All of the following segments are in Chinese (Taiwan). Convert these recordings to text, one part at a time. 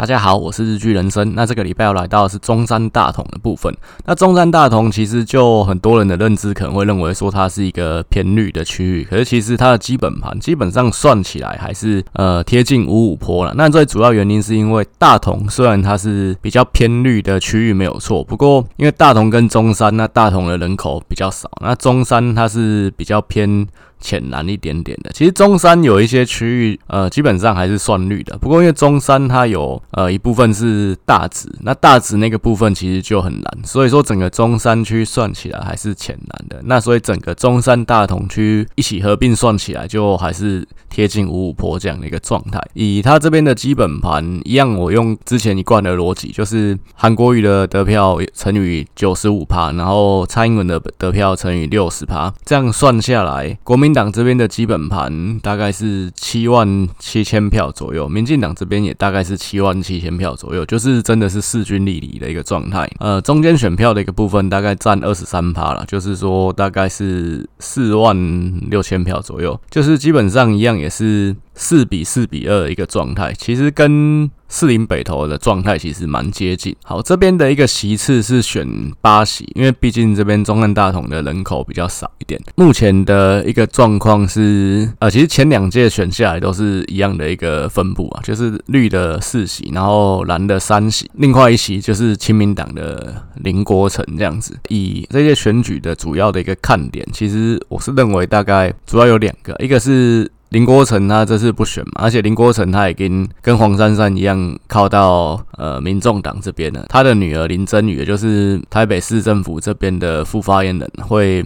大家好，我是日劇人生。那這個禮拜要來到的是中山大同的部分。那中山大同其實就很多人的認知可能會認為說，它是一個偏綠的區域，可是其實它的基本盤基本上算起來還是呃貼近五五波啦。那最主要原因是因為大同雖然它是比較偏綠的區域沒有錯，不過因為大同跟中山，那大同的人口比較少，那中山它是比較偏。淺藍一點點的，其實中山有一些區域，呃，基本上還是算綠的。不過因為中山它有呃一部分是大直，那大直那個部分其實就很藍，所以說整個中山區算起來還是淺藍的。那所以整個中山大同區一起合併算起來，就還是貼近五五波這樣的一個狀態。以它這邊的基本盤一樣，我用之前一貫的邏輯，就是韓國瑜的得票乘以九十五趴，然後蔡英文的得票乘以六十趴，這樣算下來，國民。民進黨這邊的基本盤大概是七萬七千票左右，民進黨這邊也大概是七萬七千票左右，就是真的是勢均力敵的一個狀態。呃，中間選票的一個部分大概佔二十三趴了，就是說大概是四萬六千票左右，就是基本上一樣也是。四比四比二一個狀態，其實跟士林北投的狀態其實蠻接近。好，這邊的一個席次是選八席，因為畢竟這邊中山大同的人口比較少一點。目前的一個狀況是，呃，其實前兩屆選下來都是一樣的一個分布啊，就是綠的四席，然後藍的三席，另外一席就是親民黨的林國成這樣子。以這屆選舉的主要的一個看點，其實我是認為大概主要有兩個，一個是。林國成他這次不選嘛，而且林國成他也跟跟黃珊珊一樣靠到呃民眾黨這邊了。他的女兒林珍羽，也就是台北市政府這邊的副發言人，會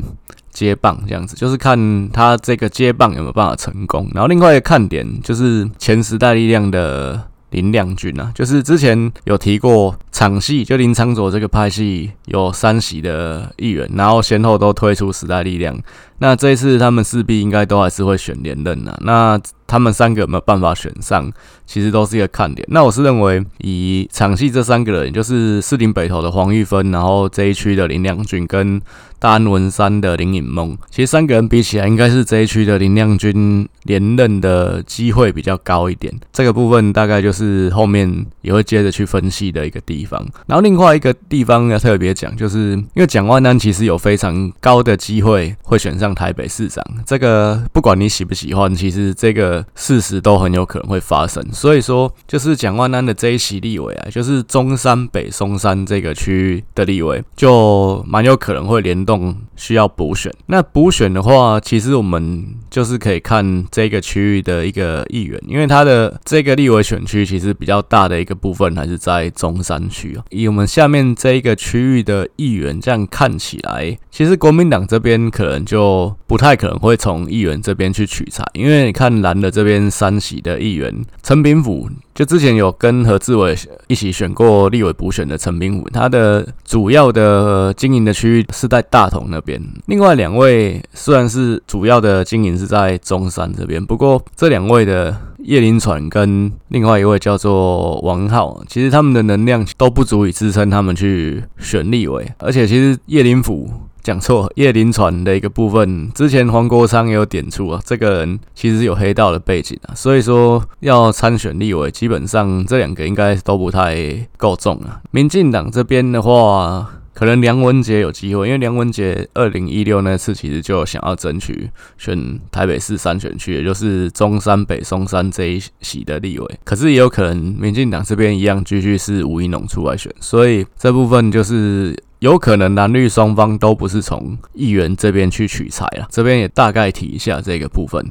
接棒這樣子，就是看他這個接棒有沒有辦法成功。然後另外一個看點就是前時代力量的林亮君啊，就是之前有提過場戲，就林昌佐這個派系有三席的議員，然後先後都退出時代力量。那這一次他們勢必應該都還是會選連任的、啊。那他們三個有沒有辦法選上，其實都是一個看點。那我是認為以場戲這三個人，就是士林北投的黃玉芬，然後這一區的林亮君跟大安文山的林穎孟，其實三個人比起來，應該是這一區的林亮君連任的機會比較高一點。這個部分大概就是後面也會接着去分析的一個地方。然後另外一個地方要特別講，就是因為蔣萬安其實有非常高的機會會選上。像台北市長這個，不管你喜不喜歡，其實這個事實都很有可能會發生。所以說，就是蔣萬安的這一席立委啊，就是中山北松山這個區域的立委，就蠻有可能會聯動需要補選。那補選的話，其實我們就是可以看這個區域的一個議員，因為他的這個立委選區其實比較大的一個部分還是在中山區啊。以我們下面這一個區域的議員這樣看起來，其實國民黨這邊可能就。不太可能會從議員這邊去取材，因為你看藍的這邊三席的議員陳炳甫，就之前有跟何志偉一起選過立委補選的陳炳甫。他的主要的經營的區域是在大同那邊。另外兩位雖然是主要的經營是在中山這邊，不過這兩位的葉林傳跟另外一位叫做王浩，其實他們的能量都不足以支撐他們去選立委，而且其實葉林傳。講錯，葉林傳的一個部分，之前黃國昌也有點出啊，這個人其實有黑道的背景啊，所以說要參選立委，基本上這兩個應該都不太夠重啊。民進黨這邊的話，可能梁文傑有機會，因為梁文傑二零一六那次其實就想要爭取選台北市三選區，也就是中山北松山這一席的立委，可是也有可能民進黨這邊一樣繼續是吳怡農出來選，所以這部分就是。有可能藍綠雙方都不是從議員這邊去取材了，這邊也大概提一下這個部分。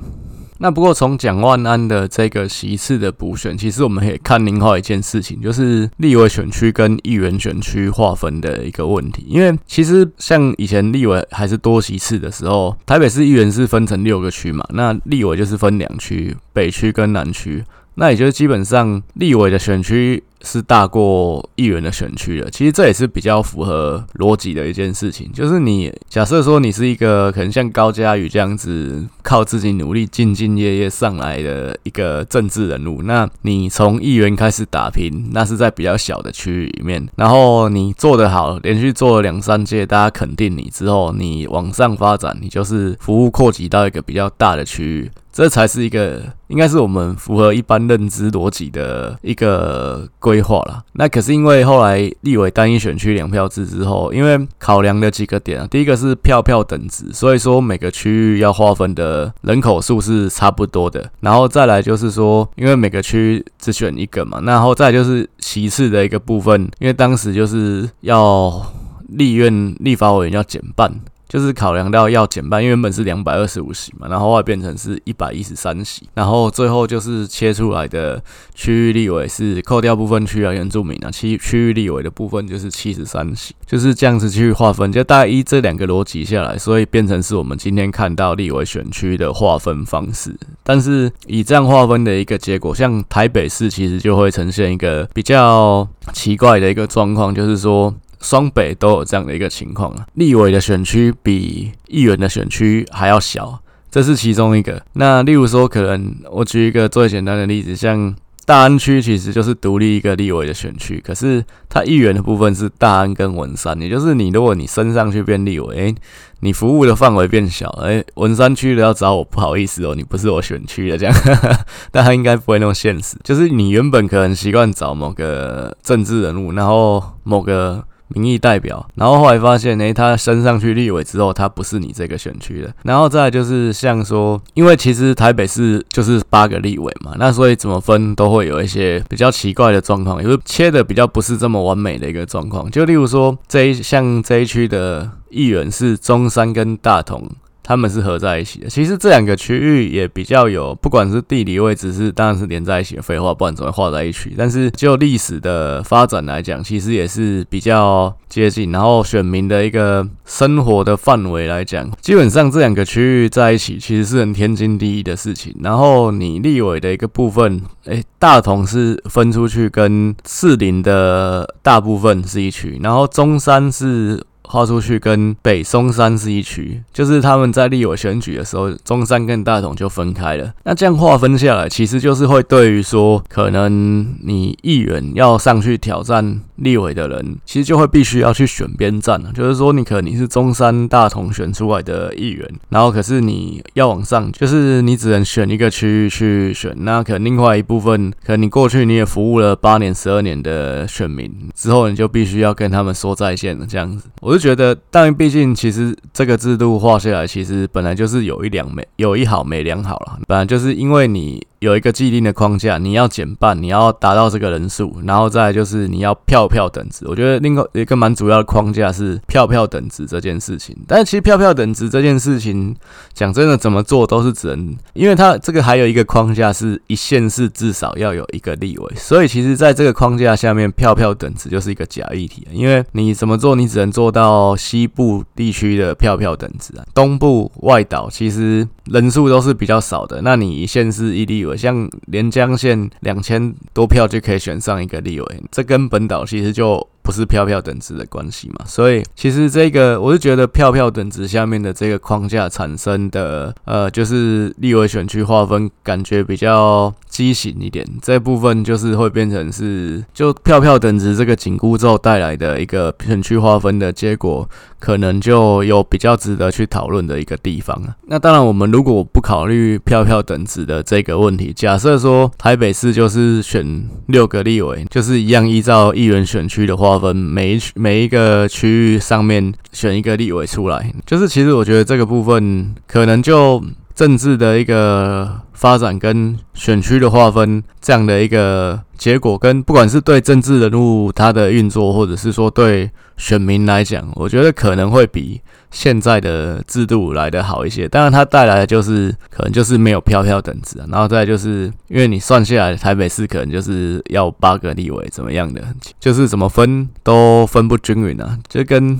那不過從蔣萬安的這個席次的補選，其實我們也看另外一件事情，就是立委選區跟議員選區劃分的一個問題。因為其實像以前立委還是多席次的時候，臺北市議員是分成六個區嘛，那立委就是分兩區，北區跟南區。那也就是基本上，立委的選區是大過議員的選區的。其實這也是比較符合邏輯的一件事情。就是你假設說你是一個可能像高嘉瑜這樣子，靠自己努力、兢兢業業上來的一個政治人物，那你從議員開始打拼，那是在比較小的區域裡面。然後你做得好，連續做了兩三屆，大家肯定你之後，你往上發展，你就是服務擴及到一個比較大的區域。這才是一個應該是我們符合一般認知邏輯的一個規劃啦。那可是因為後來立委單一選區兩票制之後，因為考量了幾個點啊，第一個是票票等值，所以說每個區域要劃分的人口數是差不多的。然後再來就是說，因為每個區只選一個嘛，然後再來就是其次的一個部分，因為當時就是要立院立法委員要減半。就是考量到要減半，因為原本是兩百二十五席嘛，然後後來變成是一百一十三席，然後最後就是切出來的區域立委是扣掉部分區要、啊、原住民啊，區區域立委的部分，就是七十三席，就是這樣子去劃分，就大概依這兩個邏輯下來，所以變成是我們今天看到立委選區的劃分方式。但是以這樣劃分的一個結果，像台北市其實就會呈現一個比較奇怪的一個狀況，就是說。雙北都有這樣的一個情況立委的選區比議員的選區還要小，這是其中一個。那例如說，可能我舉一個最簡單的例子，像大安區其實就是獨立一個立委的選區，可是它議員的部分是大安跟文山，也就是你如果你升上去變立委、欸，你服務的範圍變小、欸，誒文山區的要找我不好意思哦、喔，你不是我選區的這樣， 但他應該不會那麼現實，就是你原本可能習慣找某個政治人物，然後某個。民意代表，然後後來發現，哎，他升上去立委之後，他不是你這個選區的。然後再來就是像說，因為其實臺北市就是八個立委嘛，那所以怎麼分都會有一些比較奇怪的狀況，也就是切的比較不是這麼完美的一個狀況。就例如說這一，像這一區的議員是中山跟大同。他們是合在一起的。其實這兩個區域也比較有，不管是地理位置是，當然是連在一起的，廢話，不然怎麼會畫在一起？但是就歷史的發展來講，其實也是比較接近。然後選民的一個生活的範圍來講，基本上這兩個區域在一起，其實是很天經地義的事情。然後你立委的一個部分，哎，大同是分出去跟士林的大部分是一區，然後中山是劃出去跟北松山是一區，就是他們在立委選舉的時候，中山跟大同就分開了。那這樣劃分下來，其實就是會對於說，可能你議員要上去挑戰立委的人，其實就會必須要去選邊站了。就是說，你可能你是中山、大同選出來的議員，然後可是你要往上，就是你只能選一個區域去選。那可能另外一部分，可能你過去你也服務了八年、十二年的選民之後，你就必須要跟他們說再見了。這樣子，我覺得，但畢竟其實這個制度畫下來，其實本來就是有一兩沒有一好沒兩好啦。本來就是因為你有一個既定的框架，你要減半，你要達到這個人數，然後再來就是你要票票等值。我覺得另外一個蠻主要的框架是票票等值這件事情。但是其實票票等值這件事情，講真的怎麼做都是只能，因為它這個還有一個框架是一縣市至少要有一個立委，所以其實在這個框架下面，票票等值就是一個假議題。因為你怎麼做，你只能做到。到西部地區的票票等值啊，東部外島其實人數都是比較少的。那你縣市一立委，像連江縣兩千多票就可以選上一個立委，這跟本島其實就。不是票票等值的關係嘛。所以其實這個，我是覺得票票等值下面的這個框架產生的，呃，就是立委選區劃分，感覺比較畸形一點。這部分就是會變成是就票票等值這個緊箍咒帶來的一個選區劃分的結果。可能就有比較值得去討論的一個地方。那當然，我們如果不考慮票票等值的這個問題，假設說台北市就是選六個立委，就是一樣依照議員選區的劃分，每一每一個區域上面選一個立委出來，就是其實我覺得這個部分可能就。政治的一個發展跟選區的劃分這樣的一個結果，跟不管是對政治人物他的運作，或者是說對選民來講，我覺得可能會比現在的制度來得好一些。當然，它帶來的就是可能就是沒有票票等值啊，然後再來就是因為你算下來，台北市可能就是要八個立委怎麼樣的，就是怎麼分都分不均勻啊，就跟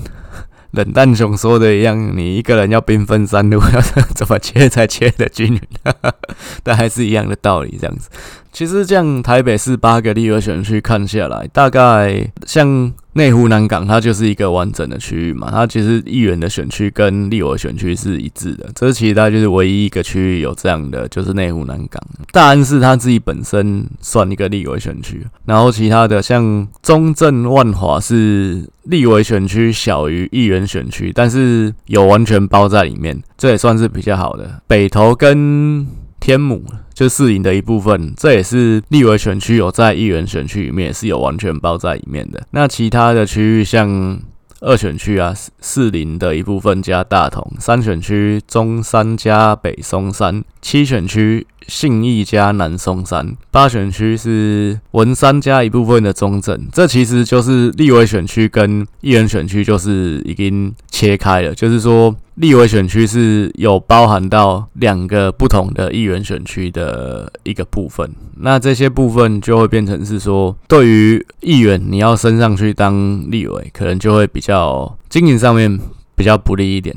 冷淡熊說的一樣，你一個人要兵分三路，要 怎麼切才切得均勻？ 但還是一樣的道理，這樣子。其實，這樣台北市八個立委選區看下來，大概像內湖南港，它就是一個完整的區域嘛。它其實議員的選區跟立委選區是一致的。這其他就是唯一一個區域有這樣的，就是內湖南港。大安市它自己本身算一個立委選區，然後其他的像中正、萬華是立委選區小於議員選區，但是有完全包在裡面，這也算是比較好的。北投跟天母。就士林的一部分，這也是立委選區有在議員選區裡面是有完全包在裡面的。那其他的區域像二選區啊，士林的一部分加大同，三選區中山加北松山。七選區信義加南松山，八選區是文山加一部分的中正。這其實就是立委選區跟議員選區就是已經切開了，就是說立委選區是有包含到兩個不同的議員選區的一個部分。那這些部分就會變成是說，對於議員你要升上去當立委，可能就會比較經營上面比較不利一點。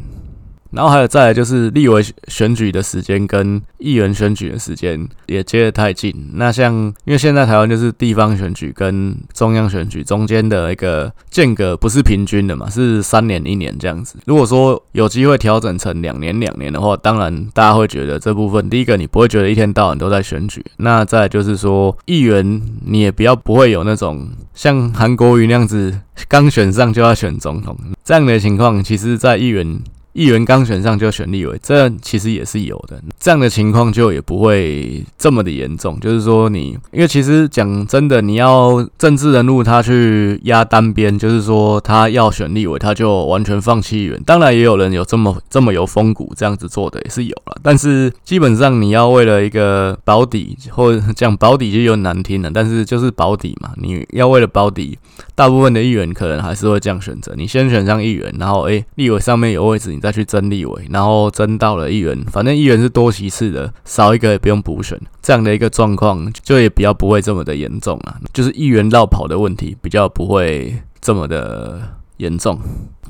然後還有再來就是立委選舉的時間跟議員選舉的時間也接得太近。那像因為現在台灣就是地方選舉跟中央選舉中間的一個間隔不是平均的嘛，是三年一年這樣子。如果說有機會調整成兩年兩年的話，當然大家會覺得這部分第一個你不會覺得一天到晚都在選舉。那再來就是說，議員你也不要不會有那種像韓國瑜那樣子剛選上就要選總統這樣的情況。其實，在議員議員剛選上就選立委，這其實也是有的。這樣的情況就也不會這麼的嚴重。就是說，你因為其實講真的，你要政治人物他去壓單邊，就是說他要選立委，他就完全放棄議員。當然，也有人有這麼這麼有風骨這樣子做的也是有啦。但是基本上你要為了一個保底，或講保底就有點難聽了。但是就是保底嘛，你要為了保底。大部分的議員可能還是會這樣選擇，你先選上議員，然後誒、欸、立委上面有位置，你再去爭立委，然後爭到了議員，反正議員是多席次的，少一個也不用補選，這樣的一個狀況就也比較不會這麼的嚴重啊。就是議員繞跑的問題比較不會這麼的嚴重。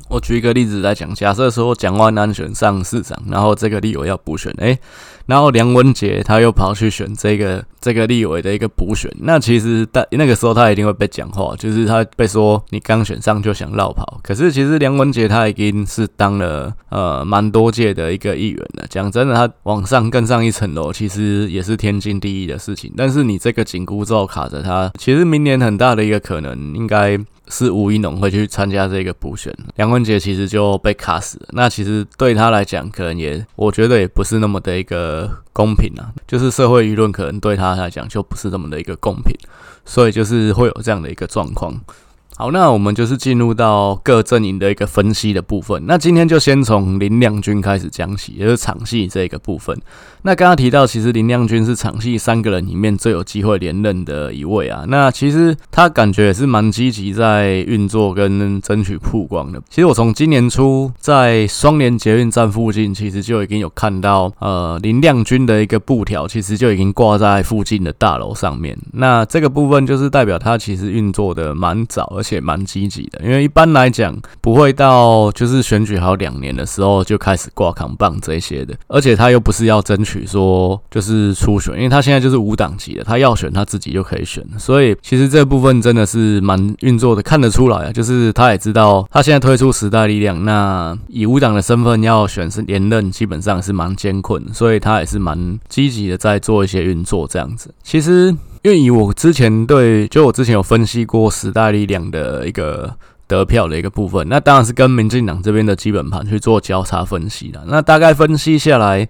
我舉一個例子來講，假設說蔣萬安選上市長，然後這個立委要補選，誒、欸、然後梁文傑他又跑去選這個這個立委的一個補選，那其實但那個時候他一定會被講話，就是他被說你剛選上就想落跑。可是其實梁文傑他已經是當了呃蠻多屆的一個議員了，講真的，他往上更上一層樓，其實也是天經地義的事情。但是你這個緊箍咒卡着他，其實明年很大的一個可能應該，是吳怡農會去參加這個補選，梁文杰其實就被卡死了。那其實對他來講，可能也我覺得也不是那麼的一個公平啊，就是社會輿論可能對他來講就不是那麼的一個公平，所以就是會有這樣的一個狀況。好，那我們就是進入到各陣營的一個分析的部分。那今天就先從林亮君開始講起，也就是場戲這個部分。那剛剛提到，其實林亮君是場戲三個人裡面最有機會連任的一位啊。那其實他感覺也是蠻積極在運作跟爭取曝光的。其實我從今年初在雙連捷運站附近，其實就已經有看到呃林亮君的一個布條，其實就已經掛在附近的大樓上面。那這個部分就是代表他其實運作的蠻早，而且。而且蠻積極的，因為一般來講不會到就是選舉還有兩年的時候就開始掛扛棒這些的，而且他又不是要爭取說就是初選，因為他現在就是無黨籍的，他要選他自己就可以選，所以其實這部分真的是蠻運作的，看得出來啊，就是他也知道他現在推出時代力量，那以無黨的身份要選是連任，基本上是蠻艱困，所以他也是蠻積極的在做一些運作這樣子，其實。因為以我之前對，就我之前有分析過時代力量的一個得票的一個部分，那當然是跟民進黨這邊的基本盤去做交叉分析的，那大概分析下來。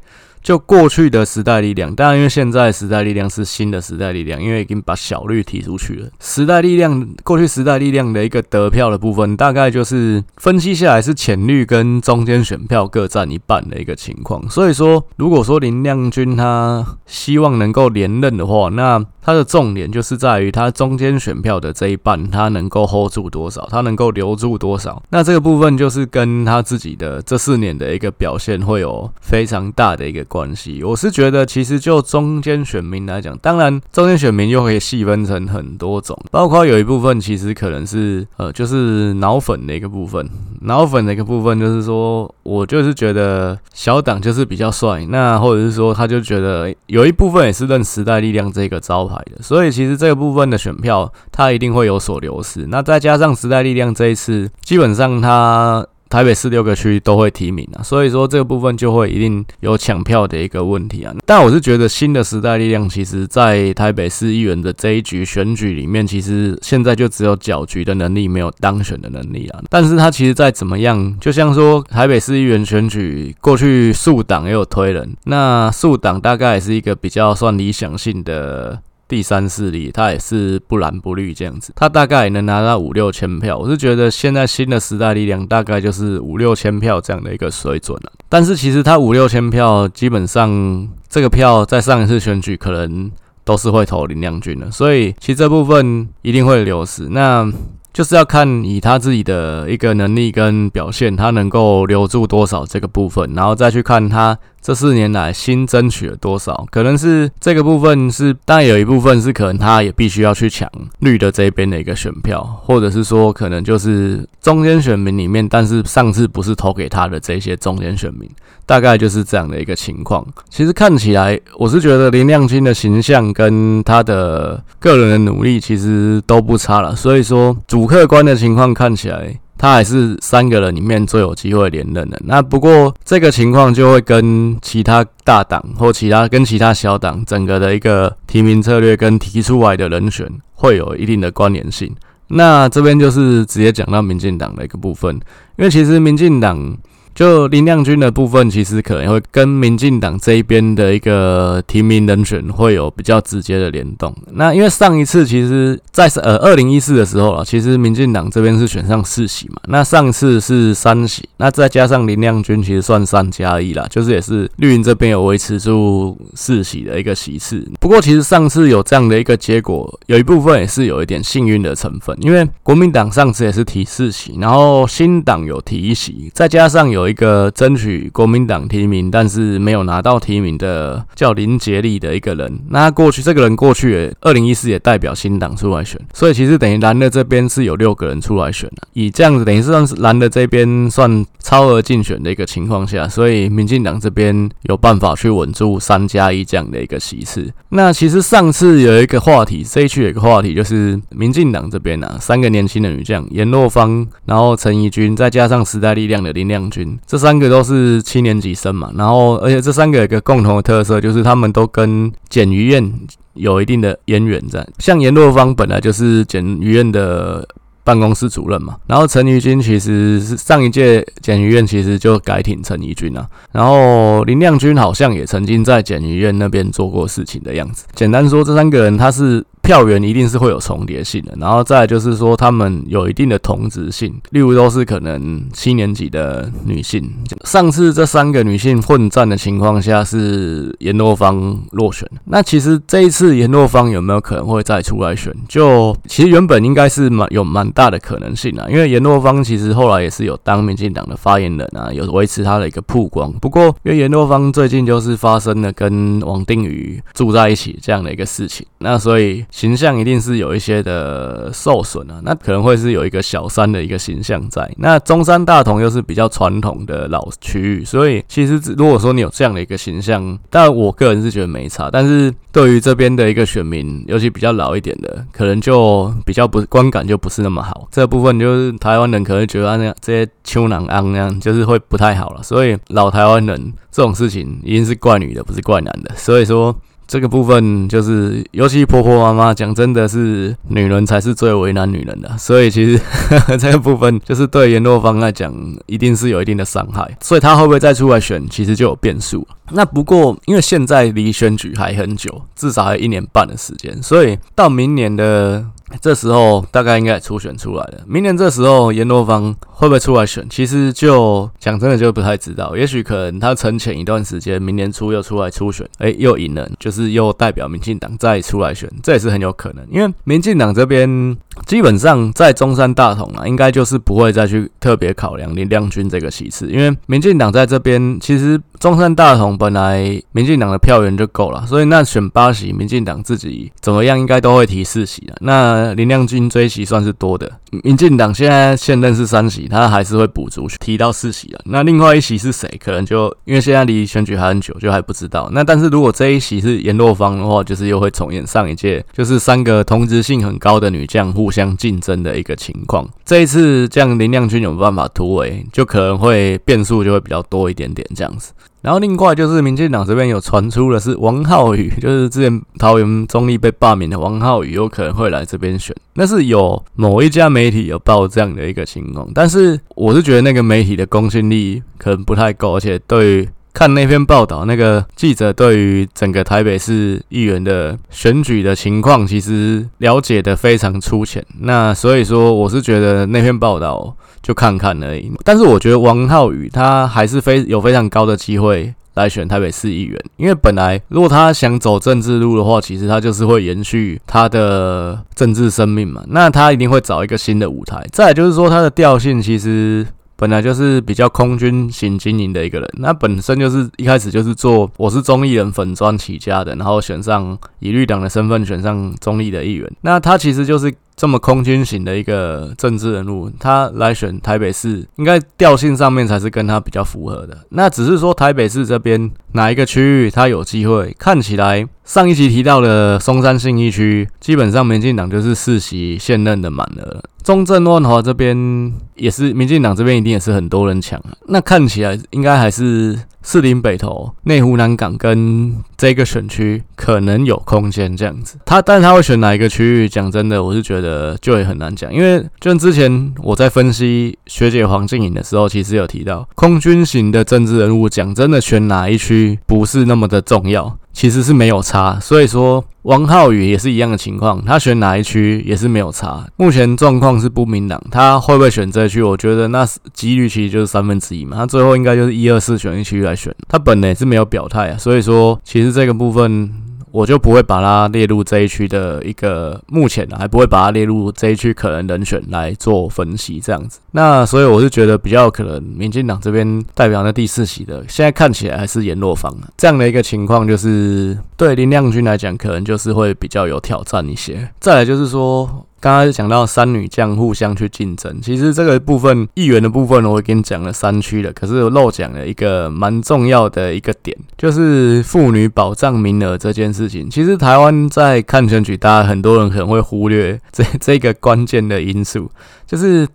就過去的時代力量，當然，因為現在時代力量是新的時代力量，因為已經把小綠踢出去了。時代力量過去時代力量的一個得票的部分，大概就是分析下來是淺綠跟中間選票各佔一半的一個情況。所以說，如果說林亮君他希望能夠連任的話，那他的重點就是在於他中間選票的這一半，他能夠 hold 住多少，他能夠留住多少。那這個部分就是跟他自己的這四年的一個表現會有非常大的一個關係。關係，我是覺得其實就中間選民來講，當然中間選民又可以細分成很多種，包括有一部分其實可能是呃，就是腦粉的一個部分，腦粉的一個部分就是說我就是覺得小黨就是比較帥，那或者是說他就覺得有一部分也是認時代力量這個招牌的，所以其實這個部分的選票他一定會有所流失，那再加上時代力量這一次，基本上他台北市六個區都會提名啊，所以說這個部分就會一定有搶票的一個問題啊。但我是覺得新的時代力量其實在台北市議員的這一局選舉裡面，其實現在就只有攪局的能力，沒有當選的能力啊。但是它其實，再怎麼樣，就像說台北市議員選舉過去數黨也有推人，那數黨大概也是一個比較算理想性的。第三勢力，他也是不藍不綠這樣子，他大概也能拿到五六千票。我是覺得現在新的時代力量大概就是五六千票這樣的一個水準了，啊。但是其實他五六千票，基本上這個票在上一次選舉可能都是會投林亮君的，所以其實這部分一定會流失。那就是要看以他自己的一個能力跟表現，他能夠留住多少這個部分，然後再去看他。這四年來新爭取了多少？可能是這個部分是，但有一部分是可能他也必須要去搶綠的這邊的一個選票，或者是說可能就是中間選民裡面，但是上次不是投給他的這些中間選民，大概就是這樣的一個情況。其實看起來，我是覺得林亮君的形象跟他的個人的努力其實都不差了，所以說主客觀的情況看起來。他還是三個人裡面最有機會連任的。那不過這個情況就會跟其他大黨或其他跟其他小黨整個的一個提名策略跟提出來的人選會有一定的關聯性。那這邊就是直接講到民進黨的一個部分，因為其實民進黨。就林亮君的部分，其實可能會跟民進黨這一邊的一個提名人選會有比較直接的聯動。那因為上一次其實，在呃二零一四的時候啊，其實民進黨這邊是選上四席嘛。那上次是三席，那再加上林亮君，其實算三加一啦，就是也是綠營這邊有維持住四席的一個席次。不過其實上次有這樣的一個結果，有一部分也是有一點幸運的成分，因為國民黨上次也是提四席，然後新黨有提一席，再加上有。一個爭取國民黨提名，但是沒有拿到提名的叫林杰利的一個人。那過去這個人過去二零一四也代表新黨出來選，所以其實等於藍的這邊是有六個人出來選，啊，以這樣子等於算是藍的這邊算超額競選的一個情況下，所以民進黨這邊有辦法去穩住三加一這樣的一個席次。那其實上次有一個話題，這一區有一個話題就是民進黨這邊呢，啊，三個年輕的女將顏若芳，然後陳怡君，再加上時代力量的林亮君。這三個都是七年級生嘛，然後而且這三個有個共同的特色，就是他們都跟簡余晏有一定的淵源在。像顏若芳本來就是簡余晏的辦公室主任嘛，然後陳怡君其實是上一屆簡余晏，其實就改挺陳怡君啊，然後林亮君好像也曾經在簡余晏那邊做過事情的樣子。簡單說，這三個人他是。票源一定是會有重疊性的，然後再來就是說，他們有一定的同質性，例如都是可能七年級的女性。就上次這三個女性混戰的情況下，是顏若芳落選。那其實這一次顏若芳有沒有可能會再出來選？就其實原本應該是蠻有蠻大的可能性啊，因為顏若芳其實後來也是有當民進黨的發言人啊，有維持他的一個曝光。不過，因為顏若芳最近就是發生了跟王定宇住在一起這樣的一個事情，那所以。形象一定是有一些的受損啊，那可能會是有一個小三的一個形象在。那中山大同又是比較傳統的老區域，所以其實如果說你有這樣的一個形象，但我個人是覺得沒差。但是對於這邊的一個選民，尤其比較老一點的，可能就比較不觀感就不是那麼好。這個、部分就是台灣人可能覺得那、啊、這些搶人尪那樣就是會不太好了。所以老台灣人這種事情一定是怪女的，不是怪男的。所以說。這個部分就是，尤其婆婆媽媽講，真的是女人才是最為難女人的，所以其實呵呵這個部分就是對顏若芳來講，一定是有一定的傷害，所以她會不會再出來選，其實就有變數。那不過，因為現在離選舉還很久，至少還有一年半的時間，所以到明年的。這時候大概應該也初選出來了。明年這時候顏若芳會不會出來選？其實就講真的就不太知道。也許可能他沉潛一段時間，明年初又出來初選，哎，又贏了，就是又代表民進黨再出來選，這也是很有可能。因為民進黨這邊基本上在中山大同啊，應該就是不會再去特別考量林亮君這個席次，因為民進黨在這邊其實中山大同本來民進黨的票源就夠了，所以那選八席，民進黨自己怎麼樣應該都會提四席的。那林亮君追席算是多的，民進黨現在現任是三席，他還是會補足提到四席了。那另外一席是誰？可能就因為現在離選舉還很久，就還不知道。那但是如果這一席是顏若芳的話，就是又會重演上一屆，就是三個同質性很高的女將互相競爭的一個情況。這一次，這樣林亮君有沒有辦法突圍，就可能會變數就會比較多一點點這樣子。然後另外就是民進黨這邊有傳出的是王浩宇，就是之前桃園中壢被罷免的王浩宇有可能會來這邊選，那是有某一家媒體有報這樣的一個情況，但是我是覺得那個媒體的公信力可能不太夠，而且對於看那篇報道那個記者對於整個台北市議員的選舉的情況其實了解的非常粗淺，那所以說我是覺得那篇報道。就看看而已，但是我覺得王浩宇他還是非有非常高的機會來選台北市議員，因為本來如果他想走政治路的話，其實他就是會延續他的政治生命嘛，那他一定會找一個新的舞台。再來就是說，他的調性其實本來就是比較空軍型經營的一個人，那本身就是一開始就是做我是中壢人粉專起家的，然後選上以綠黨的身份選上中壢的議員，那他其實就是。這麼空軍型的一個政治人物，他來選台北市，應該調性上面才是跟他比較符合的。那只是說台北市這邊哪一個區域他有機會？看起來上一集提到的松山信義區，基本上民進黨就是四席現任的滿了。中正萬華這邊也是民進黨這邊一定也是很多人搶。那看起來應該還是。士林北投、內湖南港跟這個選區可能有空間這樣子，他但他會選哪一個區域？講真的，我是覺得就也很難講，因為就像之前我在分析學姐黃瀞瑩的時候，其實有提到，空軍型的政治人物，講真的，選哪一區不是那麼的重要。其實是沒有差，所以說王浩宇也是一樣的情況，他選哪一區也是沒有差。目前狀況是不明朗，他會不會選這一區？我覺得那幾率其實就是三分之一嘛。他最後應該就是一二四選一區域來選，他本來是沒有表態啊，所以說其實這個部分。我就不會把它列入這一區的一個目前、啊、還不會把它列入這一區可能人選來做分析這樣子。那所以我是覺得比較可能民進黨這邊代表那第四席的，現在看起來還是顏若芳、啊。這樣的一個情況，就是對林亮君來講，可能就是會比較有挑戰一些。再來就是說。剛才講到三女將互相去競爭，其實這個部分議員的部分，我已經講了三區了。可是我漏講了一個蠻重要的一個點，就是婦女保障名額這件事情。其實台灣在看選舉，大家很多人可能會忽略這這一個關鍵的因素，就是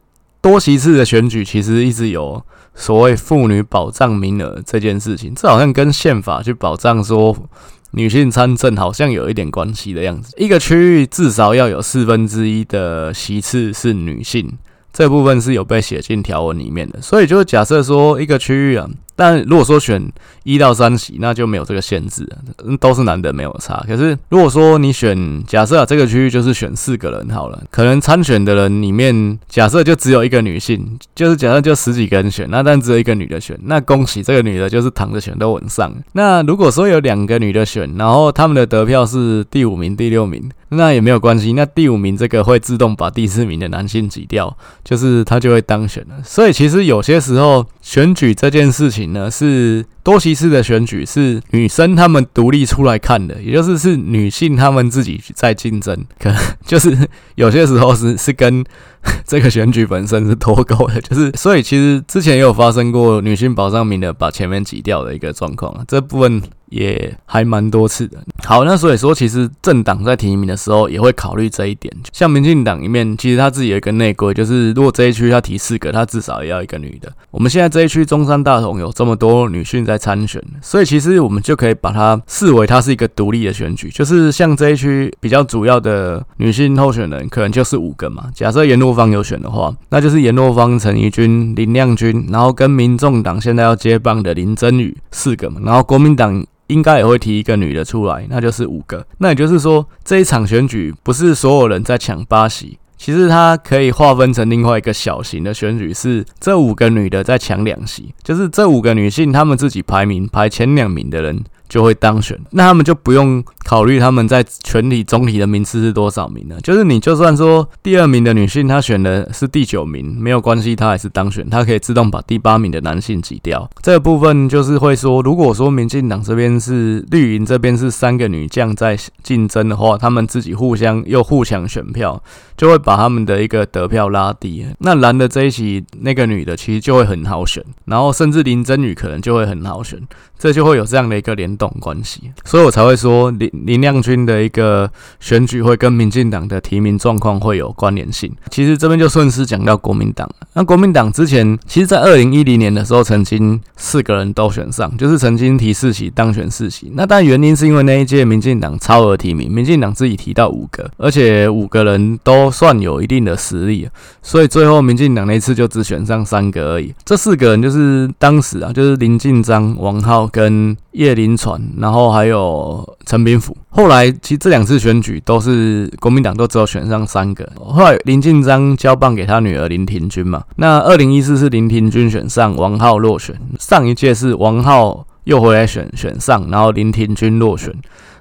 多席次的選舉其實一直有所謂婦女保障名額這件事情，這好像跟憲法去保障說。女性參政好像有一點關係的樣子，一個區域至少要有四分之一的席次是女性。這部分是有被寫進條文裡面的，所以就是假設說一個區域啊，但如果說選一到三席，那就沒有這個限制，都是男的沒有差。可是如果說你選，假設啊，這個區域就是選四個人好了，可能參選的人裡面，假設就只有一個女性，就是假設就十幾個人選，那但只有一個女的選，那恭喜這個女的，就是躺着選都穩上。那如果說有兩個女的選，然後她們的得票是第五名、第六名。那也沒有關係，那第五名這個會自動把第四名的男性擠掉，就是他就會當選了。所以其實有些時候，選舉這件事情呢，是。多席次的選舉是女生他們獨立出來看的，也就是是女性他們自己在競爭，可能就是有些時候是是跟這個選舉本身是脫鈎的，就是所以其實之前也有發生過女性保障名的把前面擠掉的一個狀況，這部分也還蠻多次的。好，那所以說其實政黨在提名的時候也會考慮這一點，像民進黨裡面其實他自己有一個內規，就是如果這一區他提四個，他至少也要一個女的。我們現在這一區中山大同有這麼多女性在。在參選，所以其實我們就可以把它視為它是一個獨立的選舉，就是像這一區比較主要的女性候選人，可能就是五個嘛。假設顏若芳有選的話，那就是顏若芳、陳怡君、林亮君，然後跟民眾黨現在要接棒的林珍羽四個嘛，然後國民黨應該也會提一個女的出來，那就是五個。那也就是說，這一場選舉不是所有人在搶八席。其實它可以劃分成另外一個小型的選舉，是這五個女的在搶兩席，就是這五個女性，她們自己排名排前兩名的人就會當選，那她們就不用。考慮他們在全體總體的名次是多少名呢？就是你就算說第二名的女性她選的是第九名，沒有關係，她還是當選，她可以自動把第八名的男性擠掉。這個部分就是會說，如果說民進黨這邊是綠營這邊是三個女將在競爭的話，他們自己互相又互相選票，就會把他們的一個得票拉低。那男的這一起，那個女的其實就會很好選，然後甚至林珍羽可能就會很好選，這就會有這樣的一個聯動關係。所以我才會說林亮君的一個選舉會跟民進黨的提名狀況會有關聯性。其實這邊就順勢講到國民黨。那國民黨之前其實，在二零一零年的時候，曾經四個人都選上，就是曾經提四席當選四席。那但原因是因為那一屆民進黨超額提名，民進黨自己提到五個，而且五個人都算有一定的實力，所以最後民進黨那一次就只選上三個而已。這四個人就是當時啊，就是林晉章、王浩跟葉林傳，然後還有。陳炳甫，後來其實這兩次選舉都是國民黨都只有選上三個。後來林晉章交棒給他女兒林庭君嘛，那二零一四是林庭君選上，王浩落選。上一屆是王浩又回來選選上，然後林庭君落選。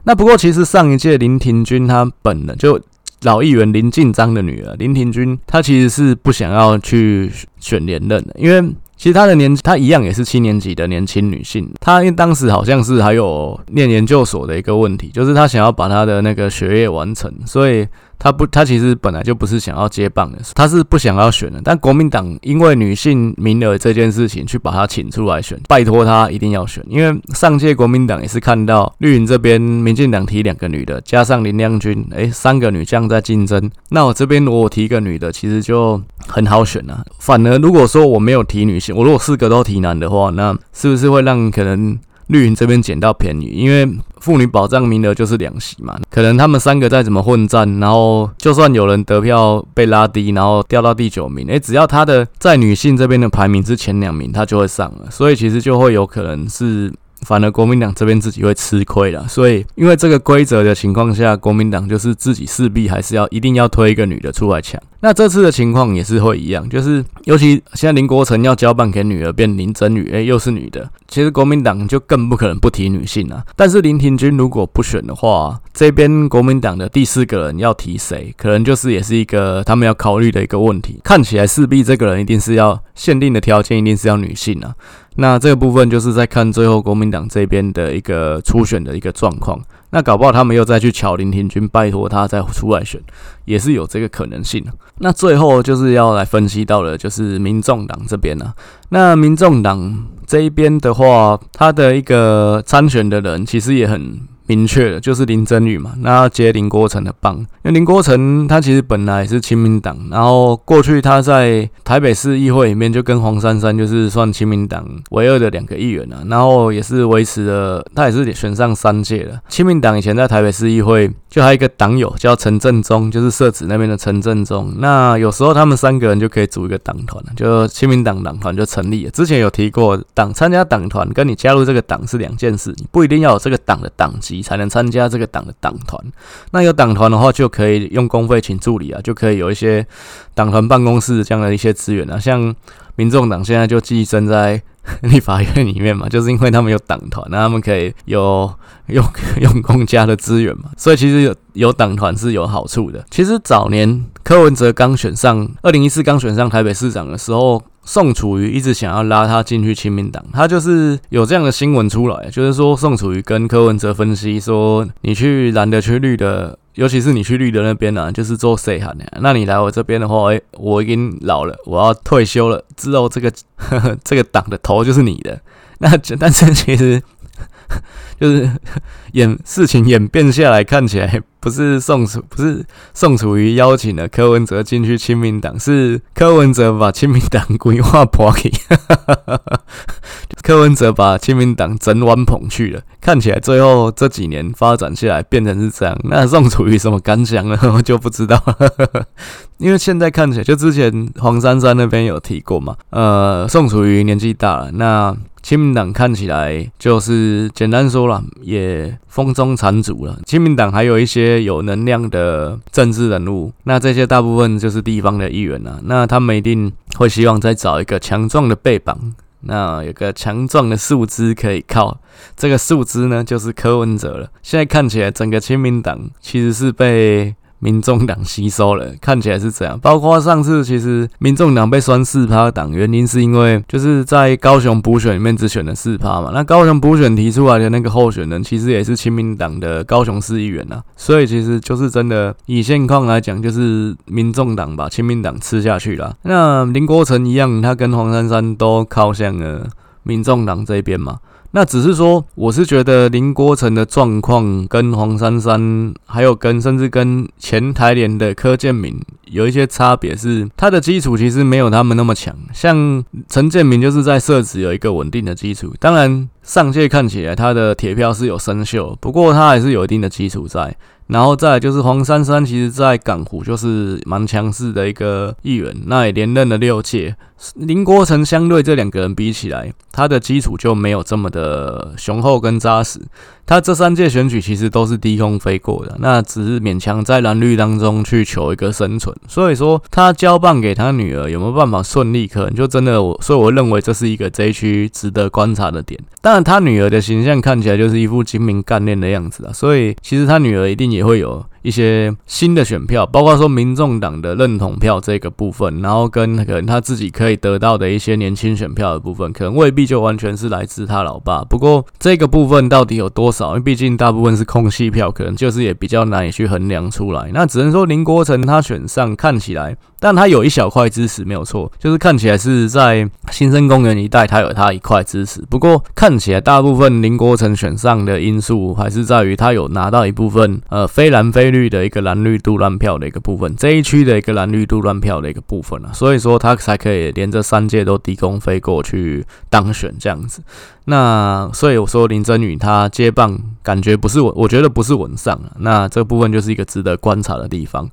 那不過其實上一屆林庭君他本人就老議員林晉章的女兒林庭君，她其實是不想要去選連任的，因為。其實他的年，她一樣也是七年級的年輕女性。她因為當時好像是還有念研究所的一個問題，就是她想要把她的那個學業完成，所以。他不，他其實本來就不是想要接棒的，他是不想要選的。但國民黨因為女性名額這件事情去把他請出來選，拜託他一定要選。因為上屆國民黨也是看到綠營這邊民進黨提兩個女的，加上林亮君，哎，三個女將在競爭。那我這邊我提一個女的，其實就很好選了啊。反而如果說我沒有提女性，我如果四個都提男的話，那是不是會讓可能綠營這邊撿到便宜？因為婦女保障名額就是兩席嘛，可能他們三個再怎麼混戰，然後就算有人得票被拉低，然後掉到第九名，誒，只要他的在女性這邊的排名是前兩名，他就會上了。所以其實就會有可能是，反而國民黨這邊自己會吃虧了。所以因為這個規則的情況下，國民黨就是自己勢必還是要一定要推一個女的出來搶。那這次的情況也是會一樣，就是尤其現在林國成要交棒給女兒變林珍羽，誒、欸、又是女的。其實國民黨就更不可能不提女性了、啊。但是林亮君如果不選的話，這邊國民黨的第四個人要提誰，可能就是也是一個他們要考慮的一個問題。看起來勢必這個人一定是要限定的條件，一定是要女性了、啊。那這個部分就是在看最後國民黨這邊的一個初選的一個狀況。那搞不好他們又再去喬林庭君拜託他再出來選，也是有這個可能性啊。那最後就是要來分析到了，就是民眾黨這邊呢。那民眾黨這一邊的話，他的一個參選的人其實也很明確的就是林珍羽嘛，那接林國成的棒，因為林國成他其實本來也是親民黨，然後過去他在台北市議會裡面就跟黃珊珊就是算親民黨唯二的兩個議員了、啊，然後也是維持了，他也是選上三屆了。親民黨以前在台北市議會。就還有一個黨友叫陳正中，就是社子那邊的陳正中。那有時候他們三個人就可以組一個黨團了，就親民黨黨團就成立了。之前有提過，黨參加黨團跟你加入這個黨是兩件事，你不一定要有這個黨的黨籍才能參加這個黨的黨團。那有黨團的話，就可以用公費請助理啊，就可以有一些黨團辦公室這樣的一些資源啊。像民眾黨現在就寄生在。 立法院裡面嘛，就是因為他們有黨團，那他們可以有用用公家的資源嘛，所以其實有有黨團是有好處的。其實早年柯文哲剛選上2014剛選上台北市長的時候，宋楚瑜一直想要拉他進去親民黨，他就是有這樣的新聞出來，就是說宋楚瑜跟柯文哲分析說，你去藍的去綠的，尤其是你去綠的那邊呢？啊，就是做細漢的。那你來我這邊的話，我已經老了，我要退休了，之後這個呵呵這個黨的頭就是你的。那但是其實，就是演事情演變下來看起來。不是宋楚，不是宋楚瑜邀請了柯文哲進去親民黨，是柯文哲把親民黨規劃破起，哈哈哈哈哈，就是柯文哲把親民黨整碗捧去了，看起來最後這幾年發展起來變成是這樣，那宋楚瑜什麼感想呢？ 我就不知道，哈哈哈哈哈，因為現在看起來就之前黃珊珊那邊有提過嘛，呃，宋楚瑜年紀大了，那。親民黨看起來就是簡單說了，也風中殘燭了。親民黨還有一些有能量的政治人物，那這些大部分就是地方的議員呢。那他們一定會希望再找一個強壯的臂膀，那有個強壯的樹枝可以靠。這個樹枝呢，就是柯文哲了。現在看起來，整個親民黨其實是被。民眾黨吸收了，看起來是這樣。包括上次其實民眾黨被酸四趴黨，原因是因為就是在高雄補選裡面只選了四趴嘛。那高雄補選提出來的那個候選人，其實也是親民黨的高雄市議員啦。所以其實就是真的以現況來講，就是民眾黨把親民黨吃下去啦。那林國成一樣，他跟黃珊珊都靠向了民眾黨這邊嘛。那只是說，我是覺得林國成的狀況跟黃珊珊，還有跟甚至跟前台聯的柯建銘有一些差別，是他的基礎其實沒有他們那麼強。像陳建銘就是在設置有一個穩定的基礎，當然。上屆看起來他的鐵票是有生鏽，不過他還是有一定的基礎在。然後再來就是黃珊珊，其實在港湖就是蠻強勢的一個議員，那也連任了六屆。林國成相對這兩個人比起來，他的基礎就沒有這麼的雄厚跟扎實。他這三屆選舉其實都是低空飛過的，那只是勉強在藍綠當中去求一個生存。所以說他交棒給他女兒有沒有辦法順利，可能就真的我，所以我認為這是一個這一區值得觀察的點。但那他女兒的形象看起來就是一副精明幹練的樣子啦，所以其實他女兒一定也會有。一些新的選票，包括說民眾黨的認同票這個部分，然後跟可能他自己可以得到的一些年輕選票的部分，可能未必就完全是來自他老爸。不過這個部分到底有多少？因為畢竟大部分是空氣票，可能就是也比較難以去衡量出來。那只能說林國成他選上看起來，但他有一小塊支持沒有錯，就是看起來是在新生公園一帶，他有他一塊支持。不過看起來大部分林國成選上的因素還是在於他有拿到一部分，呃，非藍非綠的一個藍綠度亂票的一個部分，這一區的一個藍綠度亂票的一個部分啊。所以說他才可以連這三屆都低空飛過去當選這樣子。那所以我說林珍羽他接棒感覺不是穩，我覺得不是穩上、啊。那這部分就是一個值得觀察的地方。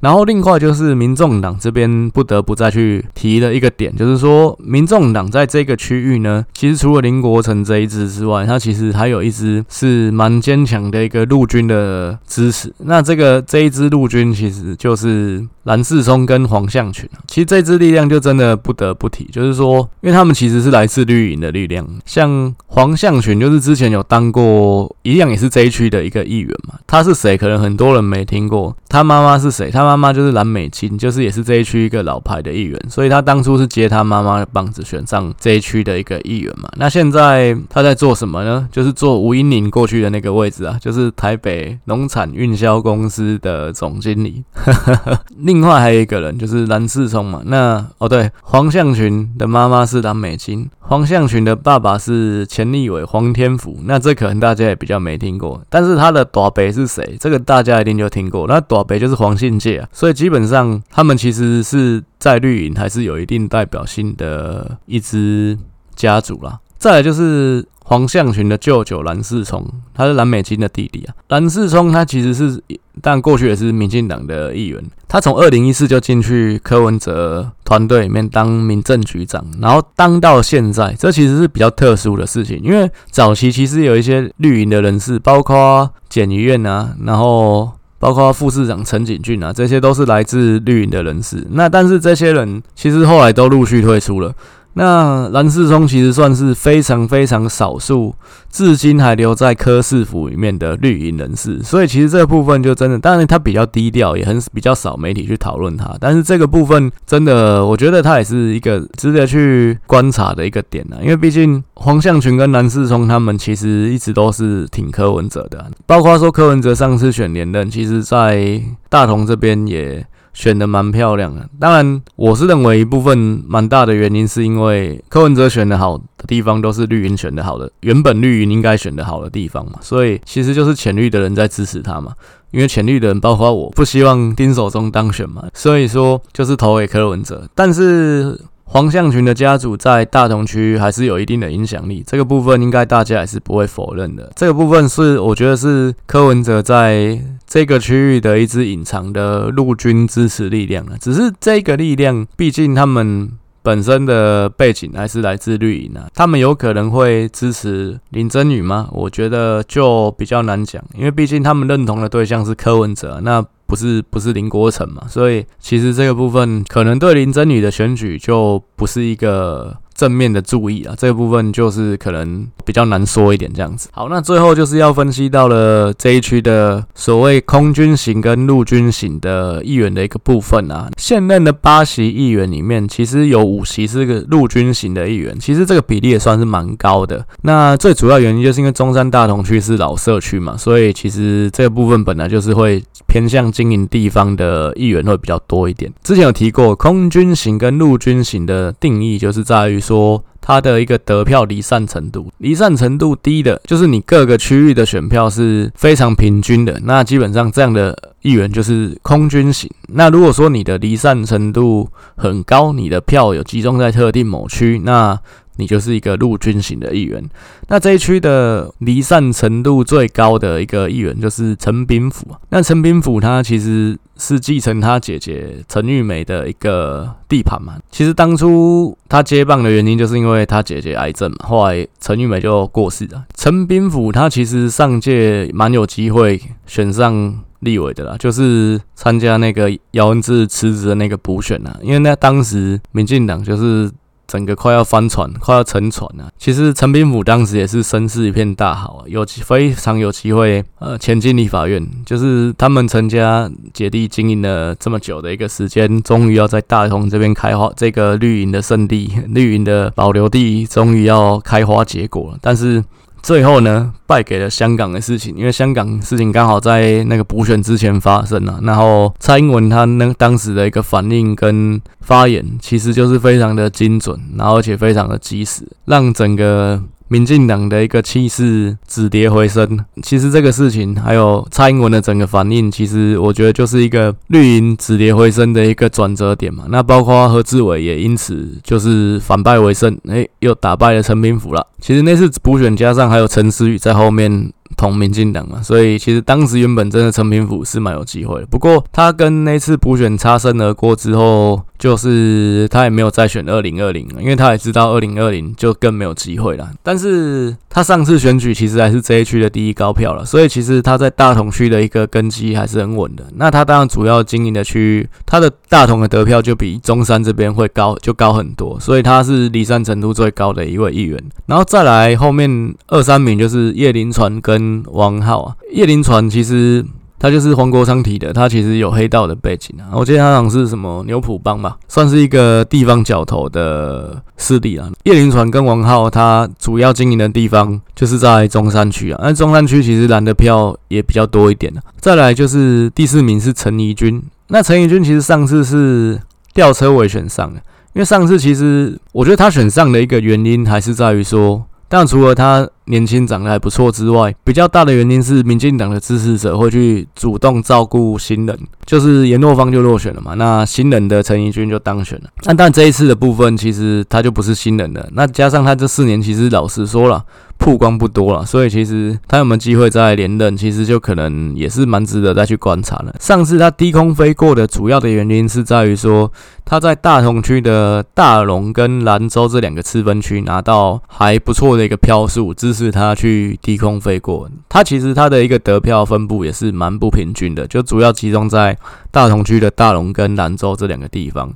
然後另外就是民眾黨這邊不得不再去提的一個點，就是說民眾黨在這個區域呢，其實除了林國成這一支之外，他其實還有一支是蠻堅強的一個陸軍的支持。那這個這一支陸軍其實就是藍世聰跟黃向群。其實這支力量就真的不得不提，就是說因為他們其實是來自綠營的力量，像。黃向群就是之前有當過，一樣也是這一區的一個議員嘛。他是誰？可能很多人沒聽過。他媽媽是誰？他媽媽就是藍美津，就是也是這一區一個老牌的議員，所以他當初是接他媽媽的棒子，選上這一區的一個議員嘛。那現在他在做什麼呢？就是做吳音寧過去的那個位置啊，就是台北農產運銷公司的總經理。 另外還有一個人就是藍世聰嘛。那哦對，黃向群的媽媽是藍美津，黃向群的爸爸是前立委黃天福。那這可能大家也比較沒聽過，但是他的大伯是。是誰？這個大家一定就聽過。那大伯就是黃信介啊，所以基本上他們其實是在綠營還是有一定代表性的，一支家族啦。再來就是。黃向群的舅舅藍世聰，他是藍美津的弟弟啊。藍世聰他其實是，但過去也是民進黨的議員。他從二零一四就進去柯文哲團隊裡面當民政局長，然後當到現在，這其實是比較特殊的事情。因為早期其實有一些綠營的人士，包括簡余晏啊，然後包括副市長陳景峻啊，這些都是來自綠營的人士。那但是這些人其實後來都陸續退出了。那藍世聰其實算是非常非常少數，至今還留在柯市府裡面的綠營人士。所以其實這個部分就真的，當然他比較低調，也很比較少媒體去討論他。但是這個部分真的，我覺得他也是一個值得去觀察的一個點呢。因為畢竟黃向群跟藍世聰他們其實一直都是挺柯文哲的，包括說柯文哲上次選連任，其實，在大同這邊也。選的蠻漂亮的，當然我是認為一部分蠻大的原因是因為柯文哲選的好的地方都是綠營選的好的，原本綠營應該選的好的地方嘛，所以其實就是淺綠的人在支持他嘛，因為淺綠的人包括我不希望丁守中當選嘛，所以說就是投給柯文哲。但是黃向群的家族在大同區還是有一定的影響力，這個部分應該大家還是不會否認的。這個部分是我覺得是柯文哲在。這個區域的一支隱藏的陸軍支持力量了、啊，只是這個力量，畢竟他們本身的背景還是來自綠營啊。他們有可能會支持林珍羽嗎？我覺得就比較難講，因為畢竟他們認同的對象是柯文哲，那不是，不是林國成嘛，所以其實這個部分可能對林珍羽的選舉就不是一個。正面的注意啊，這個部分就是可能比較難說一點這樣子。好，那最後就是要分析到了這一區的所謂空軍型跟陸軍型的議員的一個部分啊。現任的八席議員裡面，其實有五席是個陸軍型的議員，其實這個比例也算是蠻高的。那最主要原因就是因為中山大同區是老社區嘛，所以其實這個部分本來就是會偏向經營地方的議員會比較多一點。之前有提過空軍型跟陸軍型的定義，就是在於。說他的一個得票離散程度，離散程度低的，就是你各個區域的選票是非常平均的。那基本上這樣的。議員就是空軍型。那如果說你的離散程度很高，你的票有集中在特定某區，那你就是一個陸軍型的議員。那這一區的離散程度最高的一個議員就是陳炳甫。那陳炳甫他其實是繼承他姐姐陳玉梅的一個地盤嘛。其實當初他接棒的原因就是因為他姐姐癌症，後來陳玉梅就過世了。陳炳甫他其實上屆蠻有機會選上。立委的啦，就是參加那個姚文智辭職的那個補選吶、啊，因為那當時民進黨就是整個快要翻船、快要沉船了、啊。其實陳炳甫當時也是聲勢一片大好啊，有非常有機會呃前進立法院，就是他們陳家姐弟經營了這麼久的一個時間，終於要在大同這邊開花，這個綠營的聖地、綠營的保留地，終於要開花結果了，但是。最後呢，敗給了香港的事情，因為香港事情剛好在那個補選之前發生了啊，然後蔡英文他那當時的一個反應跟發言，其實就是非常的精準，然後而且非常的及時，讓整個。民進黨的一個氣勢止跌回升，其實這個事情還有蔡英文的整個反應，其實我覺得就是一個綠營止跌回升的一個轉折點嘛。那包括何志偉也因此就是反敗為勝，誒、欸、又打敗了陳明夫陳炳甫了。其實那次補選加上還有陳思宇在後面。同民進黨嘛，所以其實當時原本真的陳炳甫是蠻有機會的。不過他跟那次補選擦身而過之後，就是他也沒有再選二零二零了，因為他也知道二零二零就更沒有機會了。但是他上次選舉其實還是這一區的第一高票了，所以其實他在大同區的一個根基還是很穩的。那他當然主要經營的區域，他的大同的得票就比中山這邊會高，就高很多，所以他是離散程度最高的一位議員。然後再來後面二三名就是葉林傳跟王浩啊，葉林傳其實他就是黃國昌提的，他其實有黑道的背景啊。我記得他好像是什麼牛埔幫吧，算是一個地方角頭的勢力啦，啊。葉林傳跟王浩他主要經營的地方就是在中山區啊，那中山區其實藍的票也比較多一點啊。再來就是第四名是陳怡君，那陳怡君其實上次是吊車尾選上的，因為上次其實我覺得他選上的一個原因還是在於說。那除了他年輕長得還不錯之外，比較大的原因是民進黨的支持者會去主動照顧新人，就是顏若芳就落選了嘛，那新人的陳怡君就當選了。那但這一次的部分，其實他就不是新人了。那加上他這四年，其實老實說了。曝光不多啦，所以其實他有沒有機會再連任，其實就可能也是蠻值得再去觀察了。上次他低空飛過的主要的原因是在於說，他在大同區的大龍跟蘭州這兩個次分區拿到還不錯的一個票數，支持他去低空飛過。他其實他的一個得票分佈也是蠻不平均的，就主要集中在大同區的大龍跟蘭州這兩個地方。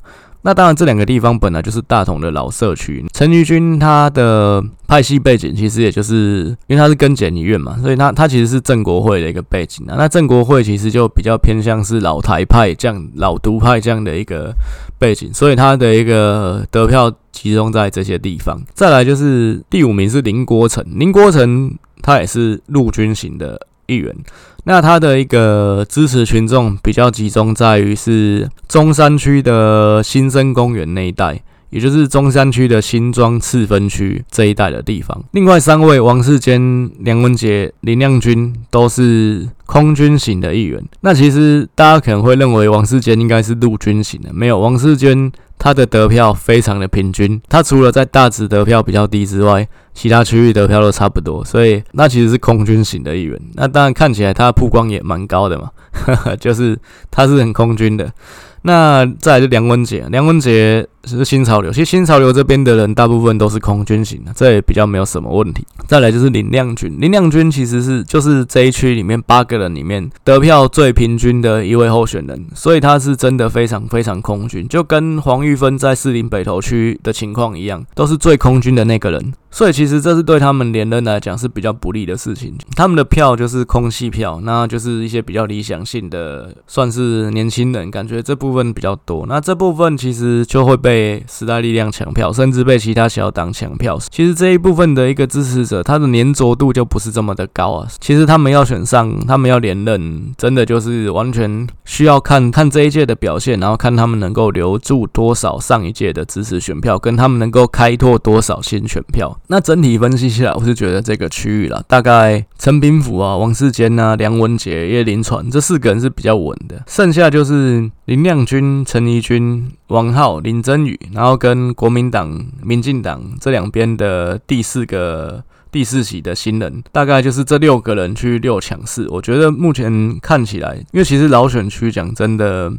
那當然，這兩個地方本來就是大同的老社區。陳怡君他的派系背景，其實也就是因為他是跟檢醫院嘛，所以他他其實是正國會的一個背景啊。那正國會其實就比較偏向是老台派這樣、老獨派這樣的一個背景，所以他的一個得票集中在這些地方。再來就是第五名是林國成，林國成他也是陸軍型的議員。那他的一個支持群眾比較集中在於是中山區的新生公園那一帶，也就是中山區的新莊次分區這一帶的地方。另外三位王世堅、梁文傑、林亮君都是空軍型的議員。那其實大家可能會認為王世堅應該是陸軍型的，沒有王世堅。他的得票非常的平均，他除了在大直得票比較低之外，其他區域得票都差不多，所以那其實是空軍型的議員。那當然看起來他的曝光也蠻高的嘛，呵呵，就是他是很空軍的。那再來就梁文杰，梁文杰是新潮流，其實新潮流這邊的人大部分都是空軍型的，這也比較沒有什麼問題。再來就是林亮君，林亮君其實是就是這一區裡面八個人裡面得票最平均的一位候選人，所以他是真的非常非常空軍，就跟黃玉芬在士林北投區的情況一樣，都是最空軍的那個人。所以其實這是對他們連任來講是比較不利的事情，他們的票就是空氣票，那就是一些比較理想性的，算是年輕人感覺這部。部分比較多，那這部分其實就會被時代力量搶票，甚至被其他小黨搶票。其實這一部分的一個支持者，他的粘着度就不是這麼的高啊。其實他們要選上，他們要連任，真的就是完全需要看看這一屆的表現，然後看他們能夠留住多少上一屆的支持選票，跟他們能夠開拓多少新選票。那整體分析下來，我是覺得這個區域啦，大概陳炳甫啊、王世堅啊、梁文杰、葉林傳這四個人是比較穩的，剩下就是。林亮君、陳怡君、王浩、林珍羽，然後跟國民黨、民進黨這兩邊的第四個、第四席的新人，大概就是這六個人去六搶四。我覺得目前看起來，因為其實老選區講真的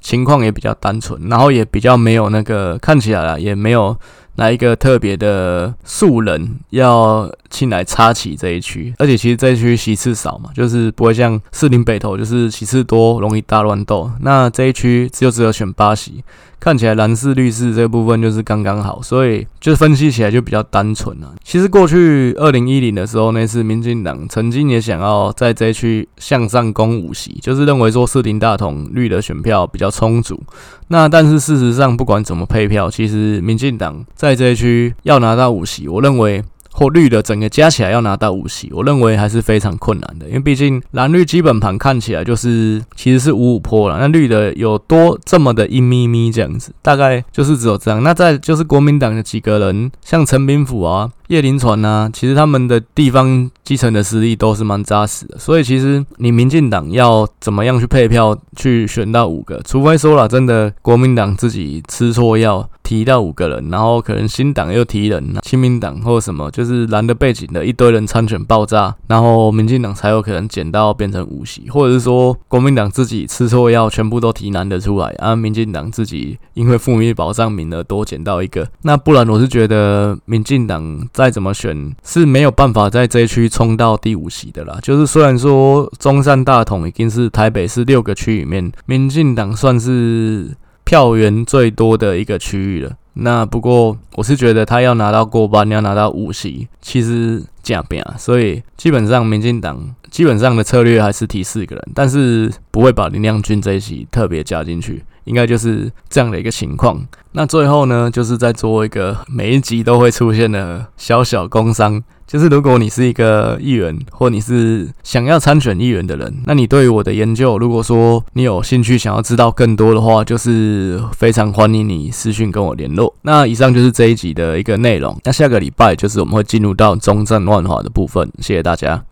情況也比較單純，然後也比較沒有那個看起來啦，也沒有。來一個特別的素人要進來插旗這一區，而且其實這一區席次少嘛，就是不會像士林北投，就是席次多容易大亂鬥。那這一區就只有選八席，看起來藍色綠色這部分就是剛剛好，所以就分析起來就比較單純啊。其實過去二零一零的時候，那次民進黨曾經也想要在這一區向上攻五席，就是認為說四零大同綠的選票比較充足。那但是事實上，不管怎麼配票，其實民進黨在這一區要拿到五席，我認為。或、哦、綠的整個加起來要拿到五席，我認為還是非常困難的，因為畢竟藍綠基本盤看起來就是其實是五五波啦。那綠的有多這麼的一咪咪這樣子，大概就是只有這樣。那再就是國民黨的幾個人，像陳炳甫啊、葉林傳啊，其實他們的地方基層的實力都是蠻扎實的。所以其實你民進黨要怎麼樣去配票去選到五個，除非說啦真的國民黨自己吃錯藥，提到五個人，然後可能新黨又提人，啊，親民黨或什麼，就是藍的背景的一堆人參選爆炸，然後民進黨才有可能撿到變成五席，或者是說國民黨自己吃錯藥，全部都提藍的出來，啊，民進黨自己因為婦女保障名額多撿到一個，那不然我是覺得民進黨再怎麼選是沒有辦法在這一區衝到第五席的啦。就是雖然說中山大同已經是台北市六個區裡面民進黨算是票源最多的一個區域了。那不過我是覺得他要拿到過半，你要拿到五席，其實這樣變啊。所以基本上，民進黨基本上的策略還是提四個人，但是不會把林亮君這一席特別加進去。應該就是這樣的一個情況。那最後呢，就是再做一個每一集都會出現的小小工商，就是如果你是一個議員，或你是想要參選議員的人，那你對於我的研究，如果說你有興趣想要知道更多的話，就是非常歡迎你私訊跟我聯絡。那以上就是這一集的一個內容。那下個禮拜就是我們會進入到中正萬華的部分。謝謝大家。